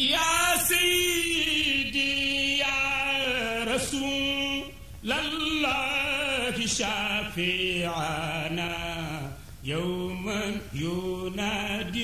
يا سيدي يا رسول الله شافعنا يوما ينادي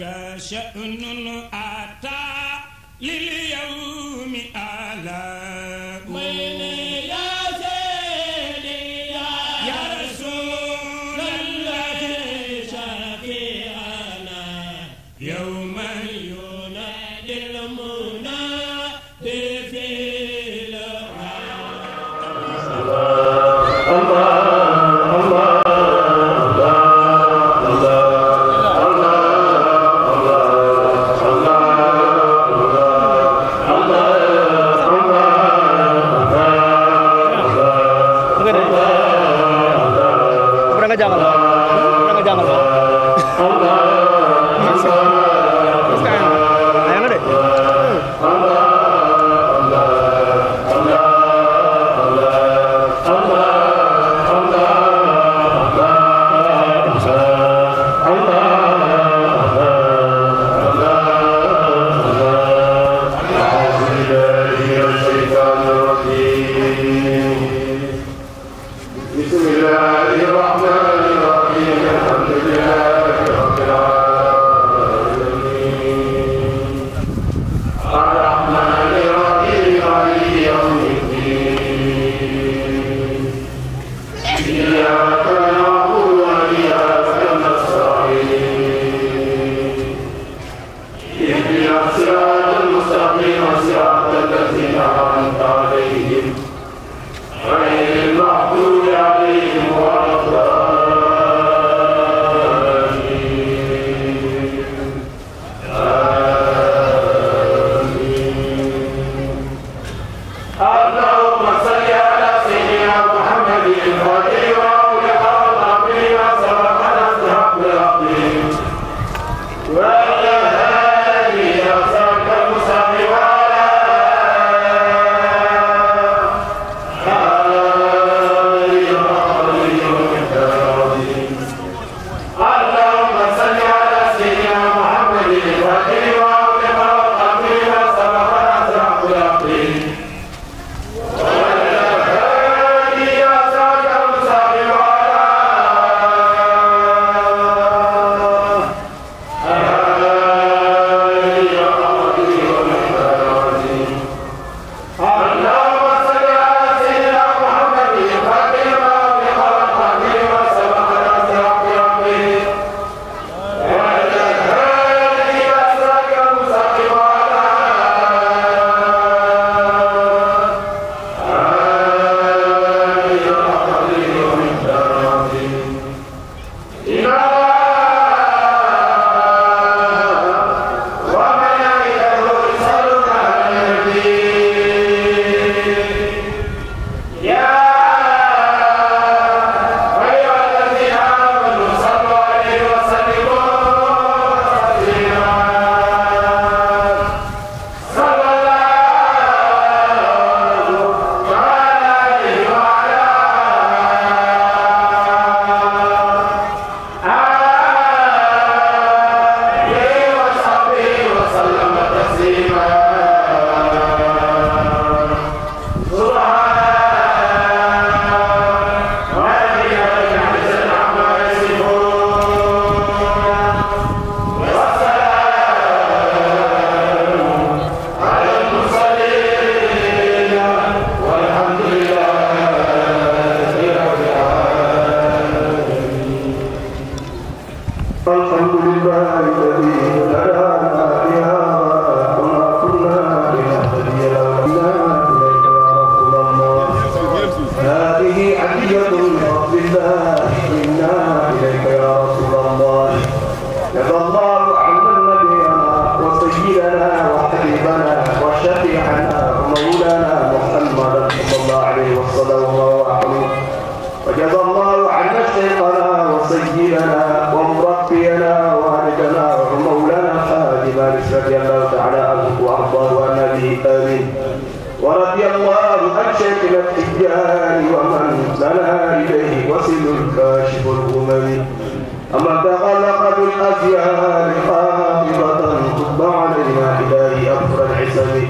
ذاك شأن أتى لليوم آلام ومربينا وهلكنا ومولانا خادم رضي الله تعالى عنه وارضاه وعنا به امين ورضي الله عن شيخنا التجاري ومن سنا اليه وسل الكاشف الامم اما تغلق بالازيان قابضه تب علينا الهي افر العسم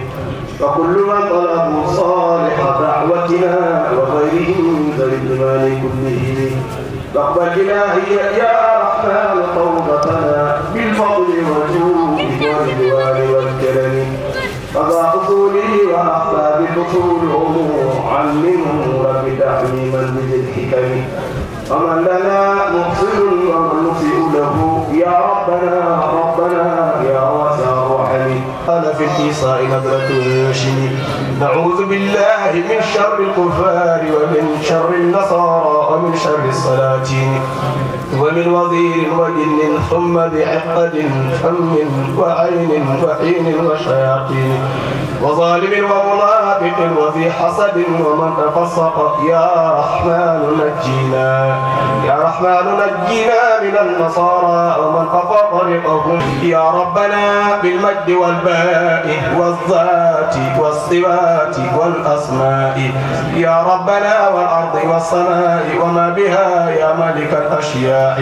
فكل من طلبوا صالح دعوتنا وغيره من ذوي الجمال كله فاقبل الهي يا وأحيانا قومتنا بالفضل والجود والجوار والكرم فذا أصوله وأحلى بالأصول العموم علمه رب تعليما بذي الحكم ومن لنا محسن ومن نسئ له يا ربنا ربنا يا واسع رحمي قال في الإيصاء نظرة شميل نعوذ بالله من شر الكفار ومن شر النصارى ومن شر السلاطين ومن وزير وجن ثم بعقد فم وعين وحين وشياطين وظالم ومنافق وفي حسد ومن تفسق يا رحمن نجينا يا رحمن نجينا من النصارى ومن قفى طريقهم يا ربنا بالمجد والباء والذات والصفات الصفات والأسماء يا ربنا والأرض والسماء وما بها يا ملك الأشياء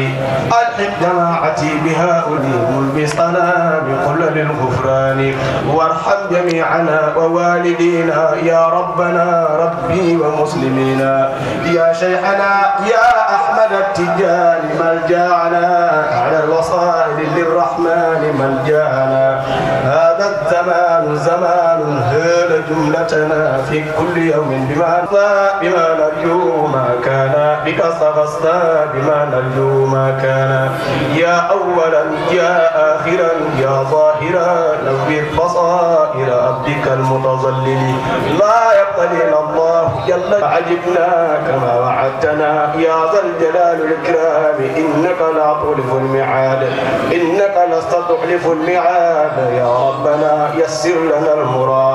ألحق جماعتي بهؤلاء ملبسنا بكل الغفران وارحم جميعنا ووالدينا يا ربنا ربي ومسلمينا يا شيخنا يا أحمد التجاني ملجانا على الوصائل للرحمن ملجانا جملتنا في كل يوم بما بما نرجو ما كان بك صغصنا بما نرجو ما كان يا أولا يا آخرا يا ظاهرا نوّر بصائر عبدك المتظلل لا يقتلنا الله جل عجبنا كما وعدتنا يا ذا الجلال الكرام إنك لا تخلف الميعاد إنك لست تخلف الميعاد يا ربنا يسر لنا المراد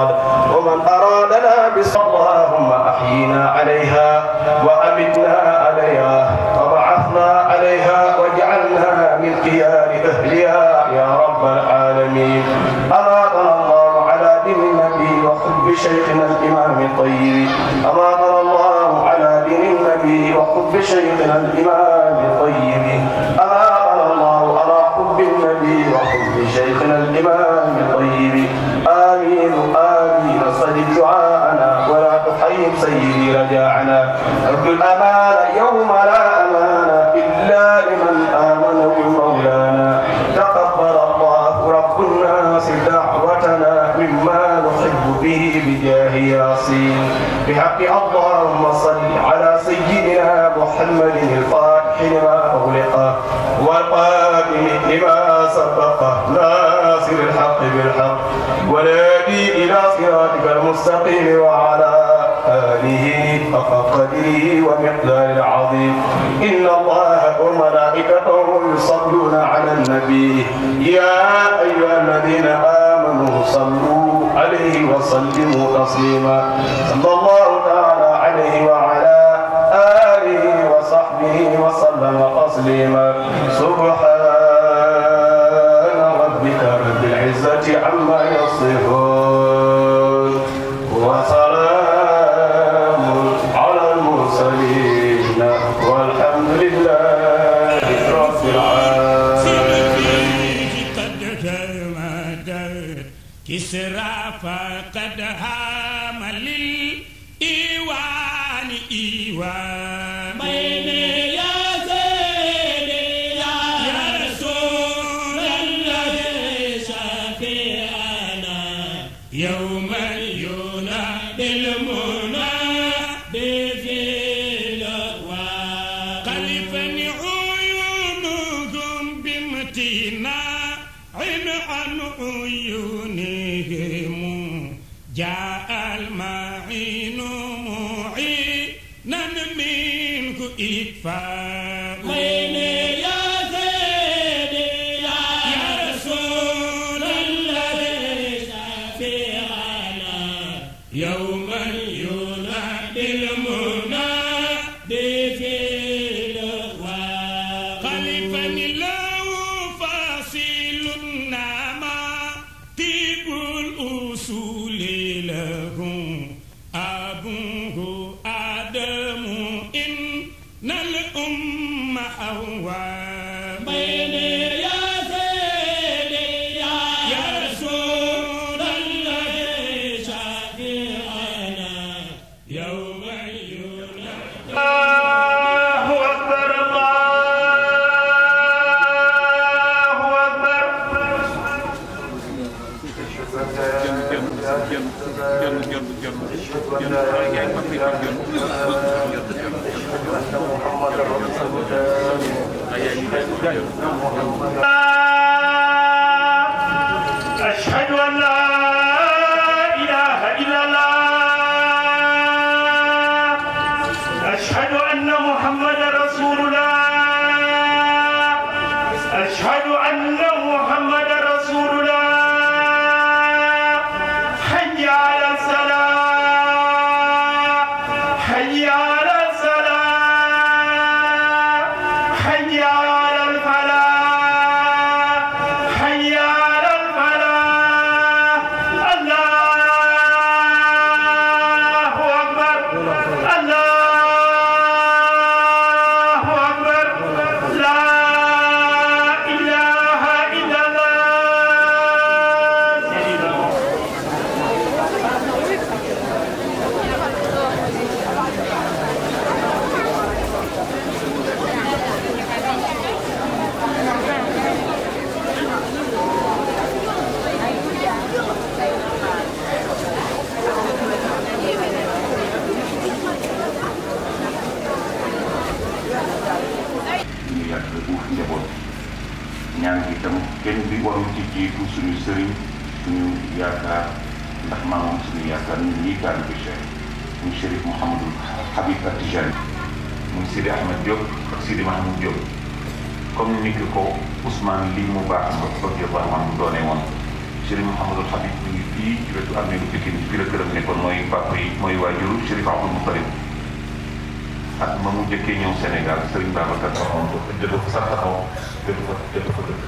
من أرادنا بصلاة اللهم أحينا عليها وأمتنا عليها وبعثنا عليها واجعلنا من خيار أهلها يا رب العالمين أرادنا الله على دين النبي وحب شيخنا الإمام الطيب أرادنا الله على دين النبي وحب شيخنا الإمام له الأمان يوم لا أمان إلا لمن آمن بمولانا تقبل الله رب الناس دعوتنا مما نحب به بجاه ياسين بحق اللهم صل على سيدنا محمد الفاتح لما أغلقه والقادم لما سبقه ناصر الحق بالحق ونادي إلى صراطك المستقيم وعلى آله حق قدره ومقدار العظيم إن الله وملائكته يصلون على النبي يا أيها الذين آمنوا صلوا عليه وسلموا تسليما صلى الله تعالى عليه وعلى آله وصحبه وسلم تسليما سبحان ربك رب العزة عما يصفون it fine. أشهد أن لا ak uuf njaboot ñaan gi tam kenn bi warul ci jiitu suñu sëriñ suñu yaakaar ndax maamam suñu yaakaar ñun ñii taal bi cher muy Chérif Mouhamadou Habib ak Tijani muy Sidi Ahmed Diop ak Sidi Mahmoud Diop comme ni ko Ousmane lii mu baax ba radiyallahu anhu doonee woon Chérif Mouhamadou Habib ñu ngi fii ci wetu am ne lu Pikine ci biir këram nekkoon mooy papa yi mooy waajuru Chérif Abdou Moutalib ak ah, ma mu njëkkee ñëw Sénégal Serigne Babacar taxawoon ko jënd fa sax taxaw jënd fa jënd fa dëkk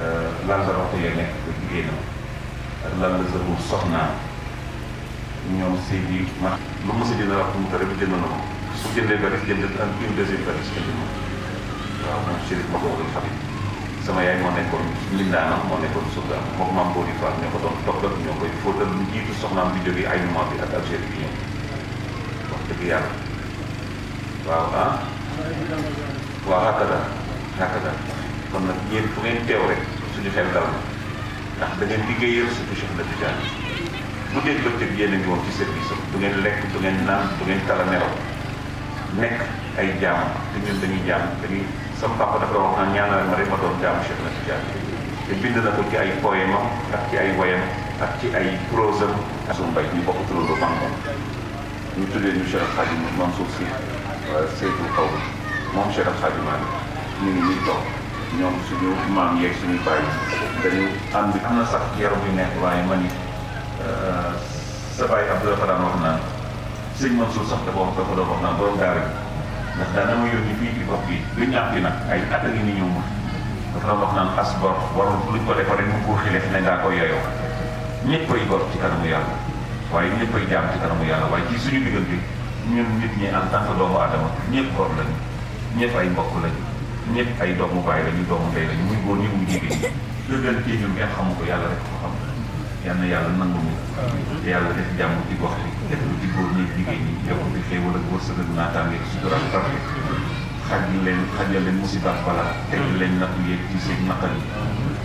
euh, Lanzarote ya nekk ko jigéenam ak lan la sa buur soxnaam ñoom si bi ma lu ma si dina wax mu ko rek jënd na ko su jëndee ba rek jënd ak une deuxième vache jënd na waaw moom Chérif ma ko waral famille sama yaay moo nekkoon Lindaanam moo nekkoon Souga moom maam Bodi Fall ñoo ko doon toggal ñoo koy fóotal lu jiitu soxnaam bi jógee ay mois bi ak Algérie bi ñëw wax dëgg yàlla waaw ah waaw hakada hakada kon nag yéen fu ngeen teew rek suñu xel na ndax da ngeen liggéeyal surtout Cheikh Ahmed Tidiane bu dee bëccëg yéen a ngi woon ci service am du ngeen lekk du ngeen naan nekk ay jaam te ñun dañuy jaam dañuy sama papa dafa wax naan ñaanal ma rek ma doon jaamu Cheikh Ahmed Tidiane te bind na ko ci ay poème am ak ci ay woyam ak ci ay prose am ak suñu mbay ñu bokk turandu Bambam ñu tuddee ñu Cheikh Khadim Mansour Sy Seydou Kaw moom Cheikh Al Hadj Malick ñu ngi ñuy toog ñoom suñu maam yeeg suñu bàyyi dañu am na sax yaram yu nekk waaye ma ni euh, sa bàyyi Abdoulaye Fadane wax naan sëñ Mansour sax wax naan borom daara ndax a ngi ni ñëw ma dafa doon wax naan as bor warul luñ ko defee ko xileef ne ngaa koy gor ci kanamu yàlla waaye ñëpp koy jaam ci kanamu yàlla waaye ci suñu diggante ñun nit ñi en tant que doomu adama ñëpp bor lañu ñëpp ay mbokk lañu ay doomu baay lañu doomu ndey lañu muy góor jigéen ñi lëggan kii ñun kenn xamu ko yàlla rek ko xam yal yàlla nangu ñu te yàlla def jàmm ci gox bi def lu ci góor ñi jigéen ñi yokk mu xéewal ak wërsëg ak naataange sutura ak tarfe xajal leen xajal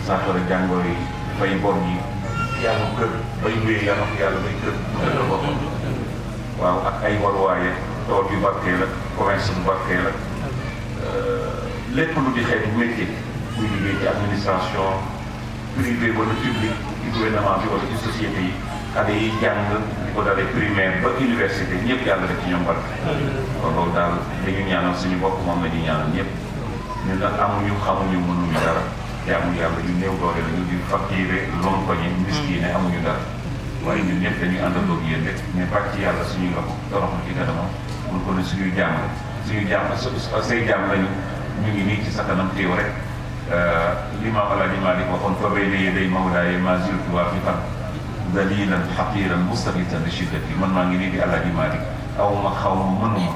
saafara jàngoro yi fay bor yi yàlla kër bay wéy yàlla yàlla bay kër waaw ak ay waruwaaye tool yu barkeel ak commerce bu barkeel ak euh, lépp lu di xeetu métier muy liggéey ci administration privé wala public ci gouvernement bi wala ci société yi xale yi jàng di ko dalee primaire ba université ñëpp yàlla def ci ñoom barke kon loolu daal dañu ñaanal suñu bopp moom la ñuy ñaanal ñëpp ñun nag amuñu xamuñu mënuñu dara te amuñu yàlla ñu néew doole la ñu di fakkiire lon ko ñi miskiine amuñu dara waaye ñun ñëpp dañuy àndandoo ak yéen rek mais bàcc yàlla suñuy loxo toroxlu ci kanamam mun ko ne suñuy jàmm suñuy jàmm say jàmm lañu ñu ngi nii ci sa kanam teew rek euh, li ma ala li ma di waxoon fa bay ne day mawlaaye ma ziltu waafiqan dalilan xaqiran mustabitan li shiddati man maa ngi nii di ala li ma di aw ma xaw ma mënuma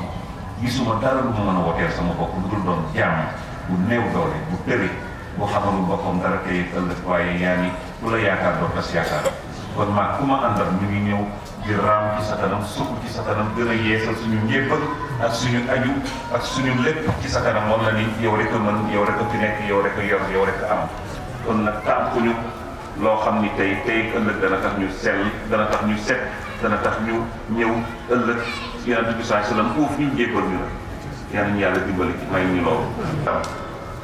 gisuma dara lu ma mën a woteel sama bopp lu dul doon jàmm bu néew doole bu tëre bu xamalul boppam dara tey ëllëg waaye yaa ku la yaakaar doo tas yaakaar kon maa ku ma ñu ngi di raam ci sa kanam ci sa kanam gën suñu njébbal ak suñu aju ak suñu lépp ci sa wala ni yow rek yow rek fi yow rek yor yow rek am kon dana tax ñu sell dana tax ñu set dana tax ñu ñëw ëllëg yonente bi sallam uuf ñu njébbal ñu la ñu yàlla dimbali may ñu loolu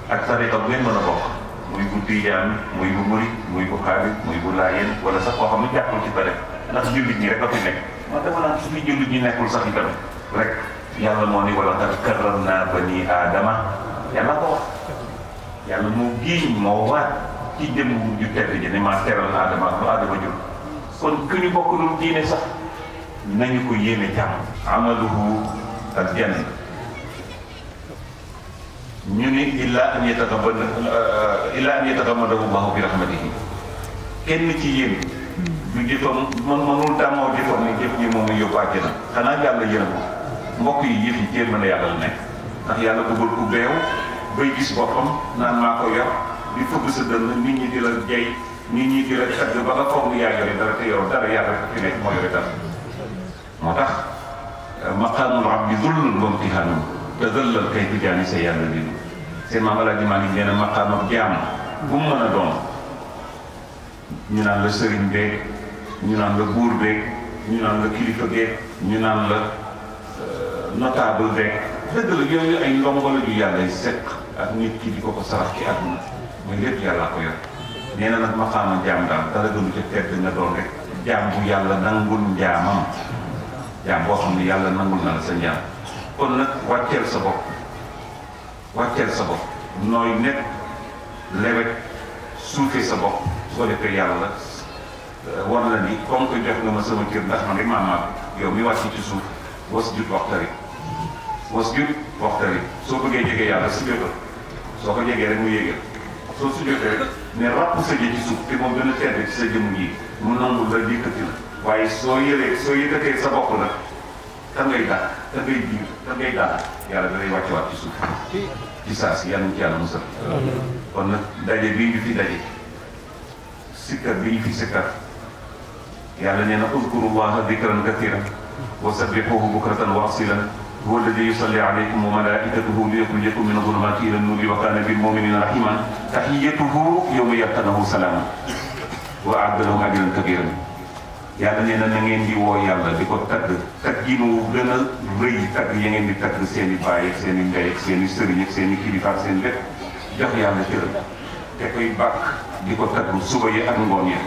ak ngeen bokk muy bu tijaan muy bu murit muy bu xaalis muy bu laayeen wala sax koo xam ne ci ba def ndax jullit rek fi dama sax itam rek yàlla moo ni wala xat karram bani aadama yàlla ko wax yàlla moo giiñ moo ci jëmm ju tedd ji ne teral aadama ak lu aadama kon diine sax nañu ko amaluhu ak ñu ni illa an yatagamman euh, illa an yatagammalahu Allahu bi rahmatihi kenn ci yéen du jëfam man mënul damoo jëfam ni ji mu yóbbu àjjana xanaa yàlla yërëm ko mbokk yi yëf yi jéem mën a yàlla la nekk ndax yàlla bëggul ku beew bay gis boppam naan maa ko yor di fëgg sa dënn nit ñi di jay nit ñi di la ba nga foog yaa yore dara te dara yàlla ko fi nekk moo yore dara moo tax maqaamul abdi zullun wa imtihaanun te zëllal kay du jaani sa yàlla bi seen maam alaaji maa ngi nee na maqaam ak jaam bu mu mën a doon ñu naan la sëriñ beeg ñu naan la buur beeg ñu naan la kilifa beeg ñu naan la euh, notable beeg dëgg la yooyu ay ndongo la yàlla sekk ak nit ki di ko ko sarax ci àdduna mooy lépp yàllaa ko yor nee nag maqaama jaam daal dara gënu ca tedd nga doon rek jaam bu yàlla nangul njaamam jaam boo xam ne yàlla nangul na sa njaam kon nag wàcceel sa bopp wàcceel sa bopp nooy nekk lewet suufee sa bopp soo defee yàlla euh, war la ni ko que jox nga ma sama kër ndax man rek maa maam yow mi wàcc ci suuf was jut waxtari was jut waxtari soo bëggee jege yàlla soo ko jegee rek mu yéegal soo su jotee rek ne ràpp sa jë ci suuf te moom gën a tedd ci sa jëmm ji mu nangul la yëkkati la waaye soo yëree soo yëkkatee sa bopp nag ngay dàq ka ngay biir الله ذكرا كثيرا وسبحوه بكرة واصلا هو الذي يصلي عليكم وملائكته ليخرجكم من الظلمات الى النور وكان بالمؤمنين رحيما تحيته يوم يلقنه سلاما واعد لهم كبيرا yàlla nee na na ngeen di woo yàlla di ko tagg tagg yi nu gën a rëy tagg ya ngeen di tagg seen i baay ak seen i ndey ak seen i sëriñ ak seen i seen lépp jox yàlla te koy bàkk di ko tagg suba yi ak ngoon yi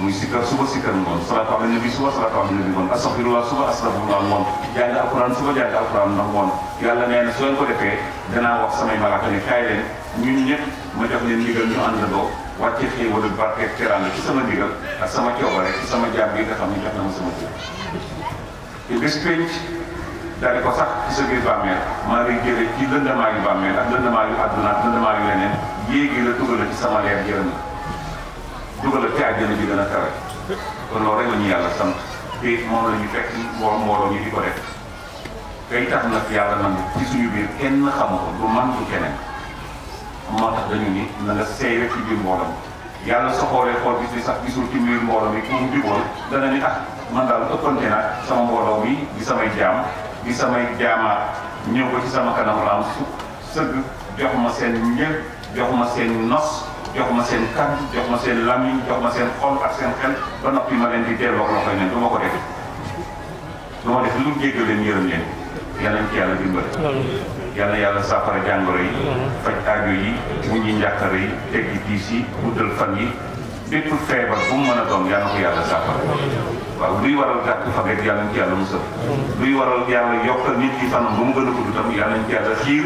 muy sikkar suba sikkar ngoon salaatu ala nabi suba salaatu ala nabi ngoon astaghfirullah suba astaghfirullah ngoon jàng alquran suba jàng alquran ndax ngoon yàlla nee na soo ko defee danaa wax samay malaaka ne kaay leen ñun ñëpp ma jox leen ndigal ñu wàcce xéewal ak barke ak teraanga ci sama ndigal ak sama coobare ci sama jaam yi nga xam ne jox na ma sama jiw te bés penc ko sax ci sa biir bàmmeel maa ngi jëlee ci lëndamaayu bàmmeel ak lëndamaayu àdduna ak lëndamaayu leneen yéegi la dugal ci sama leer jërëm dugal la ci àjjana bi gën a kon loolu rek la yàlla sant te moom la fekk mbooloo mbooloo ñu di ko def kay tax nag yàlla nangu ci suñu biir kenn xamu ko du man du keneen. moo tax dañu ni na nga seeyee ci biir mbooloo yàlla sa xoolee xool gis ni sax gisul ci biir mbooloo mi ku mu dana ni ah, man daal ëppante naa sama mbooloo mi di samay jaam di samay jaamaat ñëw ko ci sama kanam raam su sëgg jox ma seen jox ma seen nos jox ma seen kan jox ma seen lamiñ jox ma seen xol ak seen xel ba noppi ma leen di delloo ko loxoy ne du ma ko def du ma def lu yërëm leen yàlla ci yàlla dimbale yal na yàlla saafara jàngoro yi faj aajo yi wuññi njàqare yi teggi diis yi guddal fan yi bépp feebar bu mu mën a doon yal na ko yàlla saafara waaw luy waral gàtt fan yàlla nañ ci yàlla musal luy waral yàlla yokkal nit ba gën a yàlla nañ ci yàlla xiir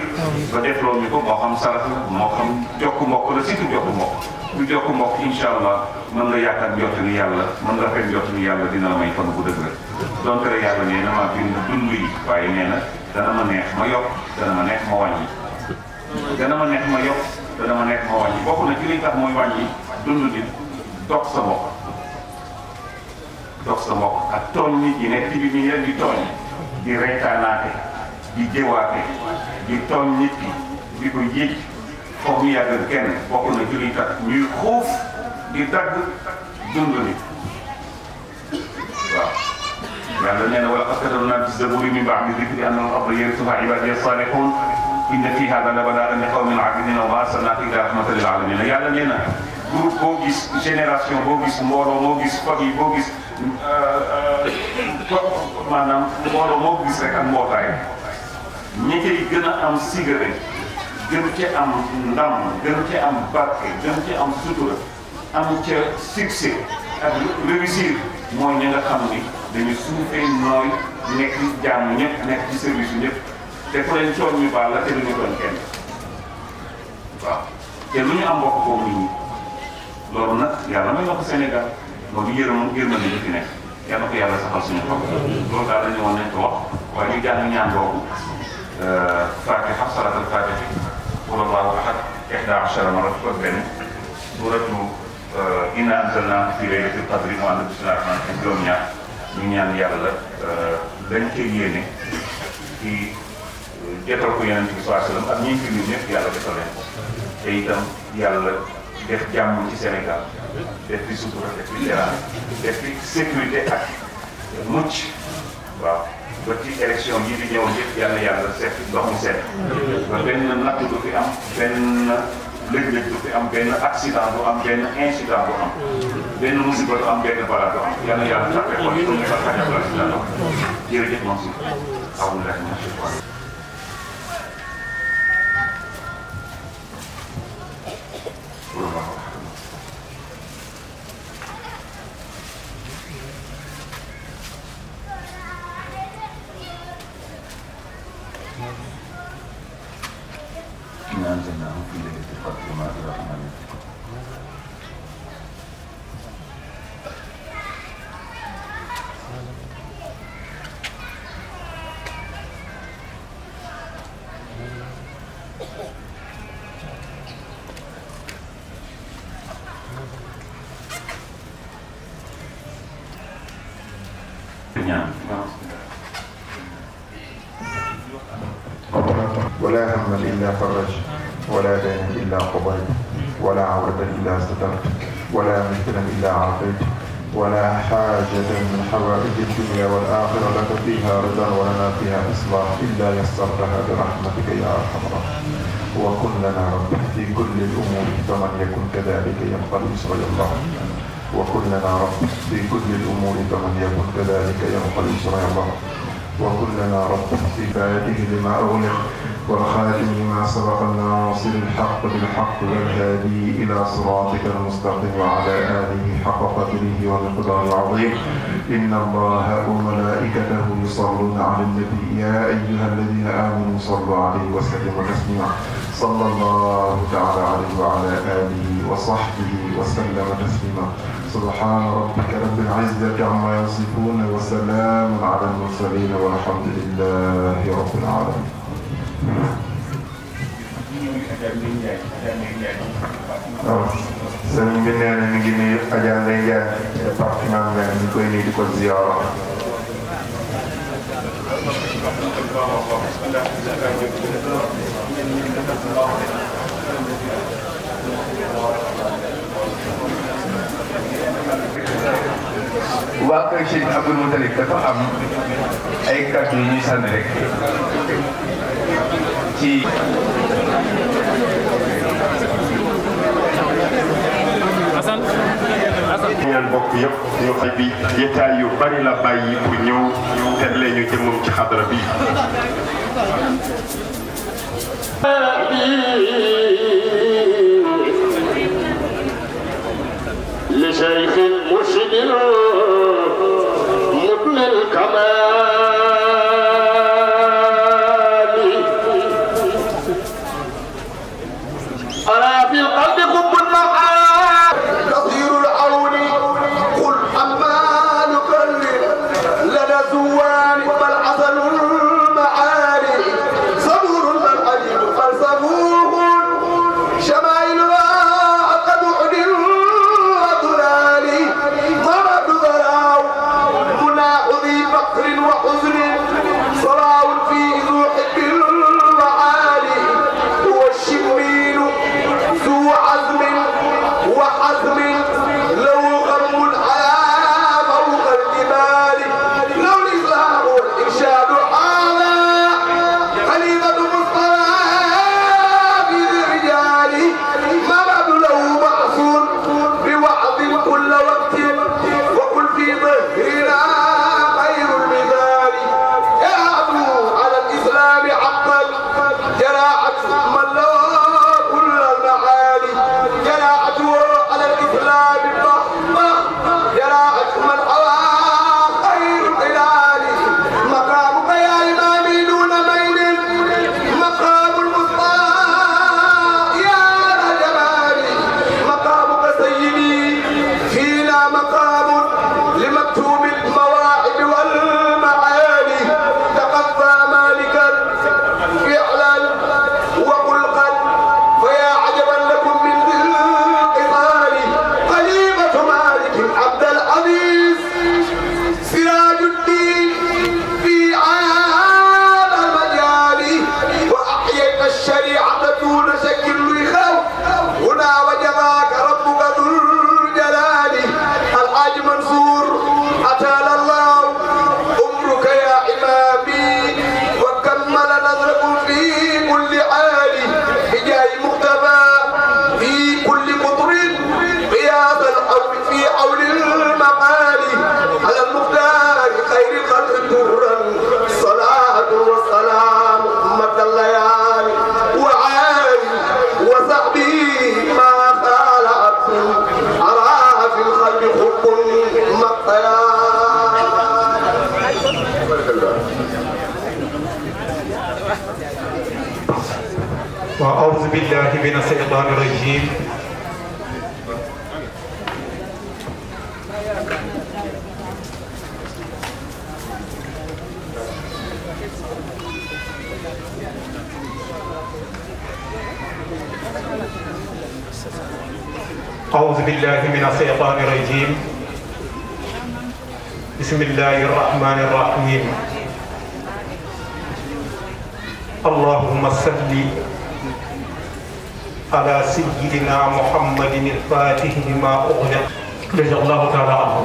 ba defloo ñu ko moo xam sarax moo xam jokk mbokk la surtout jokk mbokk lu jokk mbokk incha allah mën nga yaakaar njott ni yàlla mën nga rafet njott ni yàlla dina la may fan bu dëgg la donte rek yàlla nee na maa bind dund waaye nee dana ma neex ma yokk dana ma neex ma wàññi dana ma neex ma yokk dana ma neex ma wàññi bokk na ci liy tax mooy wàññi dund sa mbokk toog sa mbokk ak tooñ nit yi nekk ci bi ñu di tooñ di reetaanaate di jëwaate nit ki di ko yéeg foog ñu yàgg kenn bokk na ci xuuf di dagg dund yàlla nee na wa laqad katabnaa fi zaburi min ba'di dikri anna al-arda yarithha ibadiya salihun inna fi hada la balaagan li qawmin abidina wa ma arsalnaaka illa rahmatan lil alamin yàlla nee na groupe boo gis génération boo gis mbooloo moo gis famille boo gis rek ak mbootaay ñi koy gën am sigare gën ci am ndam gën ci am barke gën ci am sutura am ca succès ak réussir mooy ñi nga xam ni dañu suufee nooy nekk ci jàmm nekk ci service yu te ku leen coow ñu baal la te duñu doon kenn waaw te lu ñu am mbokk boobu nit ñi loolu nag yàlla may wax Sénégal moom nekk yàlla ko yàlla saxal suñu xol loolu daal la ñu woon nañ ko wax waaye ñu jàng ñaan boobu euh, Fatiha salaatul Fatiha qul allahu ahad ihdaa ashara marratan ko benn suuratu euh, innaa anzalnaahu fii ñu ñaan yàlla euh, dañ ca yéene ci euh, jotal ko yeneen bi saa sallam ak ñi fi ñu ñëpp yàlla defal leen ko te itam yàlla def jàmm ci Sénégal def fi sutura def fi teraan def fi sécurité ak mucc waaw ba ci élection yi di ñëw yëpp yàlla yàlla seet ndox mu set ba benn natt du fi am benn léeg-léeg dafay am benn accident bu am benn incident bu am. benn musiba du am benn balaa du am yàlla yàlla tàppe ko ñu nekk ak rajo Jabi jula jërëjëf moom فيها رضا ولنا فيها إصلاح إلا يسرتها برحمتك يا أرحم الراحمين وكن لنا رب في كل الأمور فمن يكن كذلك ينقلب صلى الله وكن لنا رب في كل الأمور فمن يكن كذلك ينقلب صلى الله وكن لنا رب في فائده لما أغلق والخاتم لما سبق الناصر الحق بالحق والهادي إلى صراطك المستقيم وعلى آله حق قدره والقدر العظيم إن الله وملائكته يصلون على النبي يا أيها الذين آمنوا صلوا عليه وسلموا تسليما صلى الله تعالى عليه وعلى آله وصحبه وسلم تسليما سبحان ربك رب العزة عما يصفون وسلام على المرسلين والحمد لله رب العالمين waaw sëriñ bi nee na mi ngi nuyu Adja am ay kàddu yu ñuy sànni rek ñaan bokk yëpp ñu xaj bi yetaay yu bari la bàyyi pour ñëw tegle ñu jëmum ci xadra bi لشيخ مرشد مبل الكمال أرى بالقلب وأعوذ بالله من الشيطان الرجيم أعوذ بالله من الشيطان الرجيم بسم الله الرحمن الرحيم اللهم صل على سيدنا محمد الفاتح لما أغلق رضي الله تعالى عنه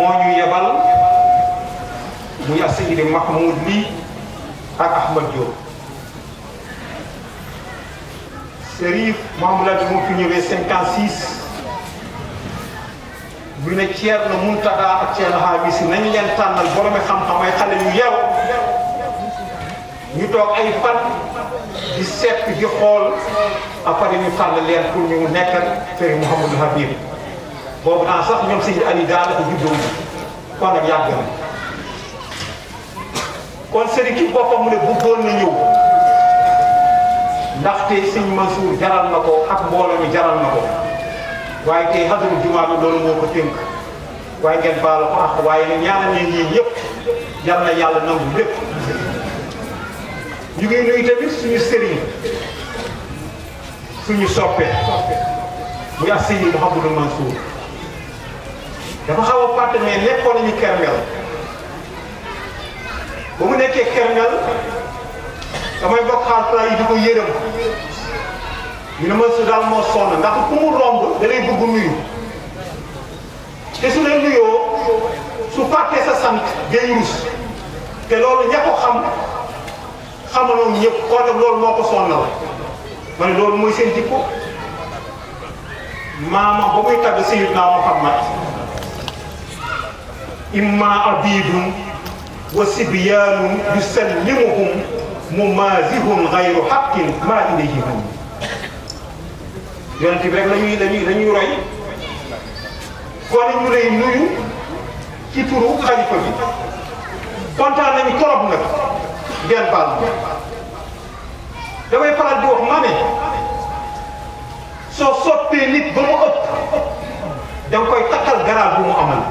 موñu yebal muy asidi mahmoud li احمد جو diop محمد mamoulade mo fi ñëwé 56 bu ne Ceerno Muntaxa ak Ceerno Haamisu nañu leen tànnal boromi xam-xam ay xale yu yeew ñu toog ay fan di seet di xool yu ñu tànn leen pour ñu nekkal Sëriñ Mouhamadou Habib boobu naa sax ñoom Sëriñ Ali daanaka juddoo ji kon nag yàgg na mu ne bëggoon na ñëw ndaxte Sëriñ Mansour jaral na ko ak mbooloo mi jaral na ko. waaye tey xadaru jumaa bi loolu moo ko tënk waaye ngeen baal ko ak ah, waaye nag ñaanal leen yéen yëpp yàlla nangu lépp ñu ngi nuyu tamit suñu sëriñ suñu soppe muy ak sëriñ Mouhamadou Mansour dafa xaw a fàtte mais nekkoon nañu Kermel ba mu nekkee Kermel damay bokk xaal pla yi di ko yërëm ñu ne ma su daal moo sonn ndax ku mu romb da lay bëgg nuyu te su la nuyoo su fàttee sa sant day rus te loolu ña xam xamaloon ñëpp koo def loolu moo ko sonnal ma ne mooy seen jikko maama ba muy tagg Seydina Muhammad imma abidun wa sibyaanun yusallimuhum mumaazihun gayru haqqin maa ilayhim yonent bi rek la ñuy la ñuy la ñuy roy kon ñu lay nuyu ci turu xalifa bi kontaan nañu trop nag ngeen baal damay faral di wax ma soo soppee nit ba mu ëpp da koy takkal garaal bu mu amal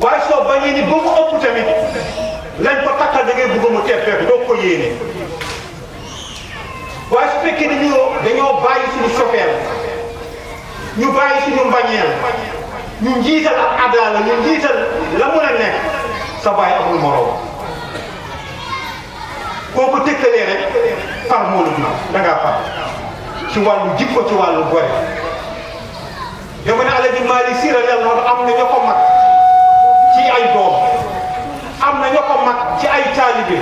waaye soo bañee nit ba mu ëpp tamit lañ ko takkal da ngay bëgg mu teppeeku doo ko yéene. waaye su fekkee dañoo dañoo bàyyi suñu sopeel ñu bàyyi suñu mbañeel ñu njiital ak adaala ñu njiital la mun a nekk sa bàyyi amul morom boo ko tëkkalee rek par moo la da ngaa par ci wàllu jikko ci wàllu gore dama ne Alaaji Maalik Si radiyallaahu anhu am na ñoo ko mag ci ay doom am na ñoo ko mag ci ay taalibe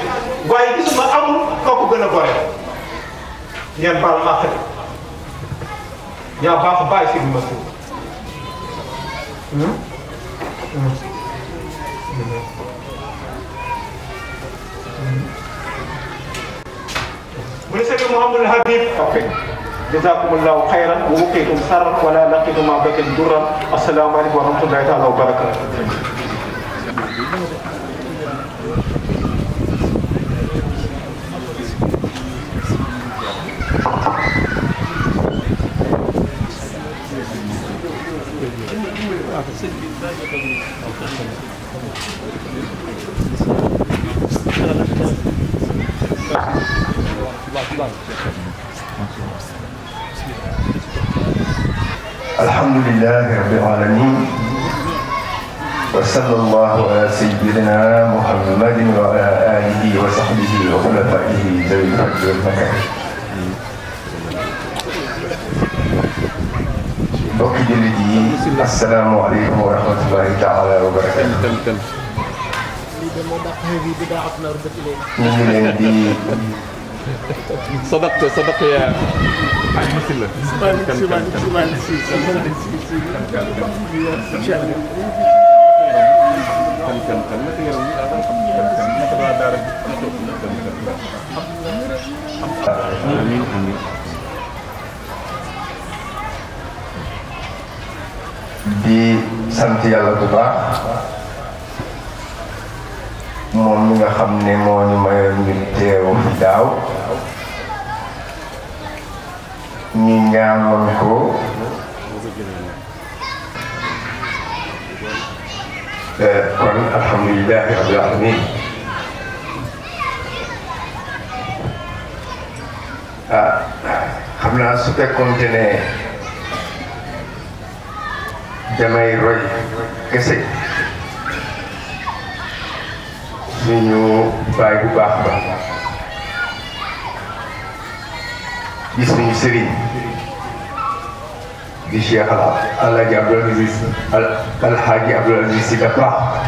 waaye gisuma amul kooku gën a gore ngeen baal ma xel yaa baax bàyyi si ma si mu ne sëñ Mouhamadul Habib jazakumullahu xayran wa wuqiitum sarran wala laqitum ma bakin durran asalaamaaleykum wa rahmatullahi taala wa barakatuh الحمد لله رب العالمين وصلى الله على سيدنا محمد وعلى اله وصحبه وخلفائه ذوي الفضل والمكان السلام عليكم ورحمة الله تعالى وبركاته صدقت صدق يا Amin, amin, amin. di sant yàlla bu moom mi nga xam ne moo ñu mayoon ñu teewu fi daaw ñu ñaanoon ko euh, kon alhamdulilahi rabbil alamin ah xam naa su fekkoonte damay roy kese suñu baay bu baax ba di suñu sëriñ di Cheikh Alhaji Abdoul Aziz Alhaji Abdoul Aziz Sy Dabakh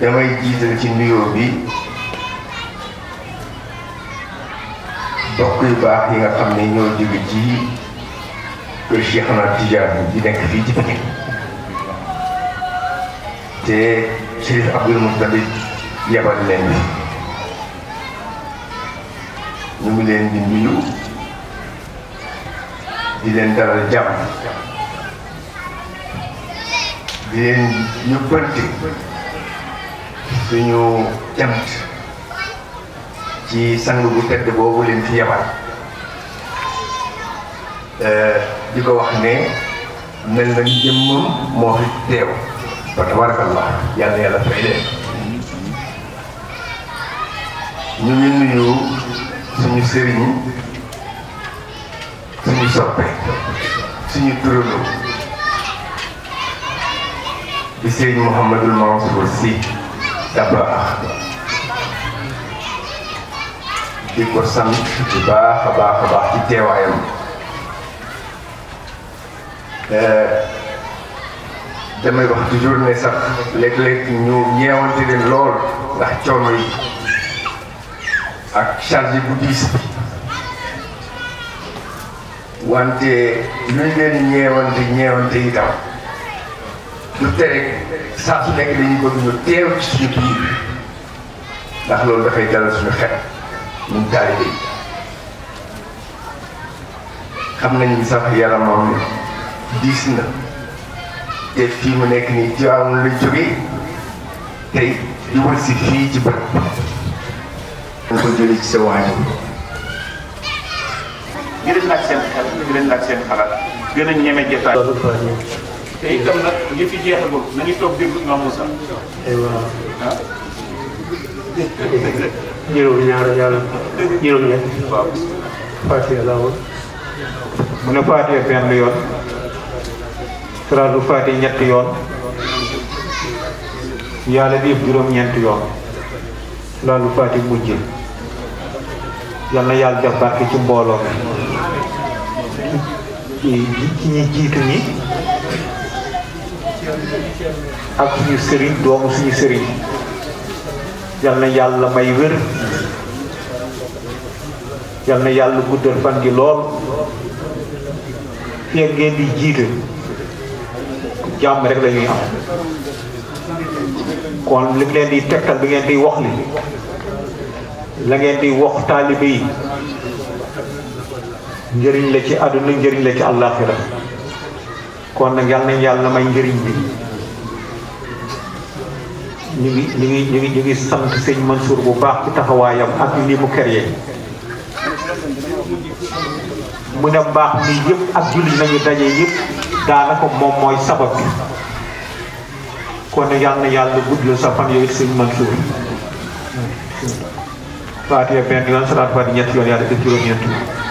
damay jiital ci nuyoo bi bokk yu baax yi nga xam ne ñoo jóge ci kër Cheikh Ahmad Tidiane ji nekk fii ci Pikine te Serigne Abdoul Moutalib yabal leen bi ñu ngi leen di nuyu di leen dalal jàmm di leen yóbbante suñu jant ci sang bu tedd boobu leen fi yabal eh, di ko wax ne mel na jëmmam moo fi teew wa tabarakallah yàlla yàlla fay leen ñu ngi nuyu suñu sëriñ suñu soppe suñu turaloo di sëriñ Mouhamadul Mansour Sy Dabakh di ko sant bu baax a baax a baax ci teewaayam damay wax toujours ne sax léeg-léeg ñu ñeewante leen lool ndax coono yi ak charge bu wante lu ñu leen ñeewante ñeewante yi tam lu tere saa su nekk dañu ko ñu teew ci suñu biir ndax loolu dafay dalal suñu xel ñun taalibe yi xam nañu sax yaram moom diis na te fii mu nekk nii Tivaouane la jóge tey di wër si fii ci bërëb dañ ko jëlee ci sa waajur gën a laaj seen xel gën a laaj seen xalaat gën a ñeme jotaay te itam nag li fi jeexagul nañu toog déglu nga Moussa ah juróom ñaar yàlla juróom ñett waaw Faatiha la woon mu ne Faatiha benn yoon salaatul faatih ñetti yoon yàlla biif juróom-ñeenti yoon salaatul faatih mujj yal na yàlla def barke ci mbooloo mi ci ñi jiitu ñi ak suñu sëriñ doomu suñu sëriñ yal na may wér yal guddal fan gi lool di jiite jàmm rek la ñuy am kon li leen di tegtal bi ngeen di wax ni la ngeen di wax taalibe yi njëriñ la ci àdduna njëriñ la ci àllaaxira kon nag yàlla nañ yàlla may njëriñ bi ñu ngi ñu ngi ñu ngi sant sëñ Mansour bu baax ci taxawaayam ak lii mu kër mu ne mbaax mi yëpp ak julli nañu daje yëpp daanaka moom mooy sabab bi kon yal na yàlla gudd la sa fan yooyu sëñ Mansour Faatiha benn yoon salaat faatiha ñett yoon yàlla def juróom-ñeent